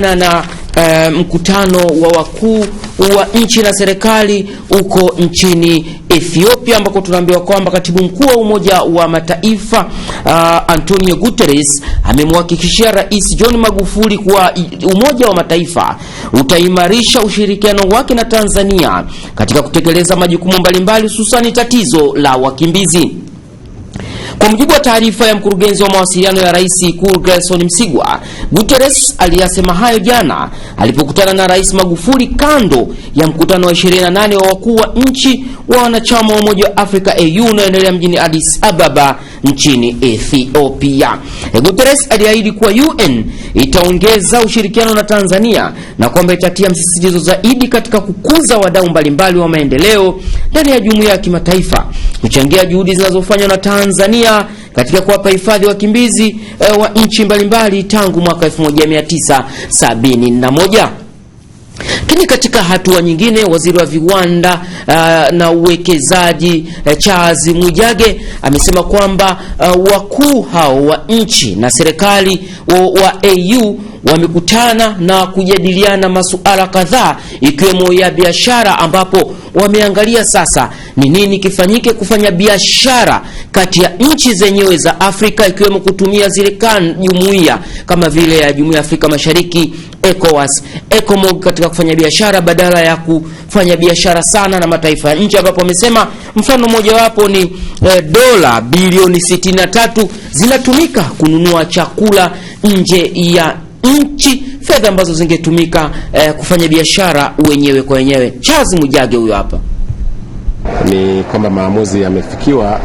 kuhusiana na e, mkutano wa wakuu wa nchi na serikali huko nchini Ethiopia ambako tunaambiwa kwamba katibu mkuu wa Umoja wa Mataifa uh, Antonio Guterres amemhakikishia Rais John Magufuli kuwa Umoja wa Mataifa utaimarisha ushirikiano wake na Tanzania katika kutekeleza majukumu mbalimbali hususani tatizo la wakimbizi. Kwa mujibu wa taarifa ya mkurugenzi wa mawasiliano ya rais Ikulu Gerson Msigwa, Guterres aliyasema hayo jana alipokutana na Rais Magufuli kando ya mkutano wa 28 wa wakuu wa nchi wa wanachama wa Umoja wa Afrika AU unaoendelea mjini Addis Ababa nchini Ethiopia. Guterres aliahidi kuwa UN itaongeza ushirikiano na Tanzania na kwamba itatia msisitizo zaidi katika kukuza wadau mbalimbali wa maendeleo ndani ya jumuiya ya kimataifa kuchangia juhudi zinazofanywa na Tanzania katika kuwapa hifadhi wakimbizi e, wa nchi mbalimbali tangu mwaka 1971. Lakini katika hatua nyingine, waziri wa viwanda uh, na uwekezaji uh, Charles Mwijage amesema kwamba uh, wakuu hao wa nchi na serikali wa, wa AU wamekutana na kujadiliana masuala kadhaa ikiwemo ya biashara, ambapo wameangalia sasa ni nini kifanyike kufanya biashara kati ya nchi zenyewe za Afrika, ikiwemo kutumia zile kan jumuiya kama vile ya Jumuiya ya Afrika Mashariki ECOWAS, ECOMOG katika kufanya biashara badala ya kufanya biashara sana na mataifa ya nje, ambapo wamesema mfano mmojawapo ni e, dola bilioni 63 zinatumika kununua chakula nje ya nchi, fedha ambazo zingetumika e, kufanya biashara wenyewe kwa wenyewe. Charles Mujage huyo hapa. Ni kwamba maamuzi yamefikiwa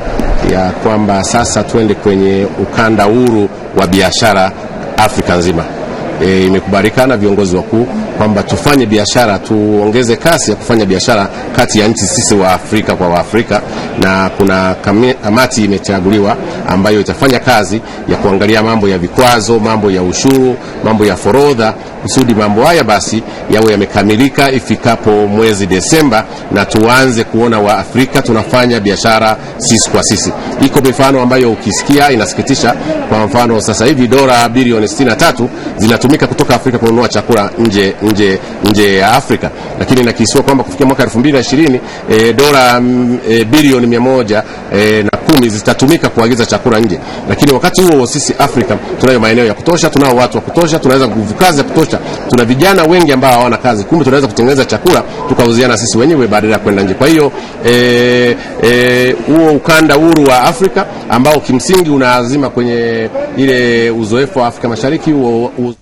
ya kwamba sasa twende kwenye ukanda huru wa biashara Afrika nzima e, imekubalika na viongozi wakuu kwamba tufanye biashara, tuongeze kasi ya kufanya biashara kati ya nchi sisi Waafrika kwa Waafrika, na kuna kamati imechaguliwa ambayo itafanya kazi ya kuangalia mambo ya vikwazo, mambo ya ushuru, mambo ya forodha, kusudi mambo haya basi yawe yamekamilika ifikapo mwezi Desemba, na tuanze kuona Waafrika tunafanya biashara sisi kwa sisi. Iko mifano ambayo ukisikia inasikitisha. Kwa mfano sasa hivi dola bilioni 63 zinatumika kutoka Afrika kununua chakula nje nje nje ya Afrika, lakini nakisiwa kwamba kufikia mwaka 2020 e, dola mm, e, bilioni mia moja e, na kumi zitatumika kuagiza chakula nje, lakini wakati huo sisi Afrika tunayo maeneo ya kutosha, tunao watu wa kutosha, tunaweza nguvu kazi ya kutosha, tuna vijana wengi ambao hawana kazi, kumbe tunaweza kutengeneza chakula tukauziana sisi wenyewe badala ya kwenda nje. Kwa hiyo e, e, huo ukanda huru wa Afrika ambao kimsingi unaazima kwenye ile uzoefu wa Afrika Mashariki huo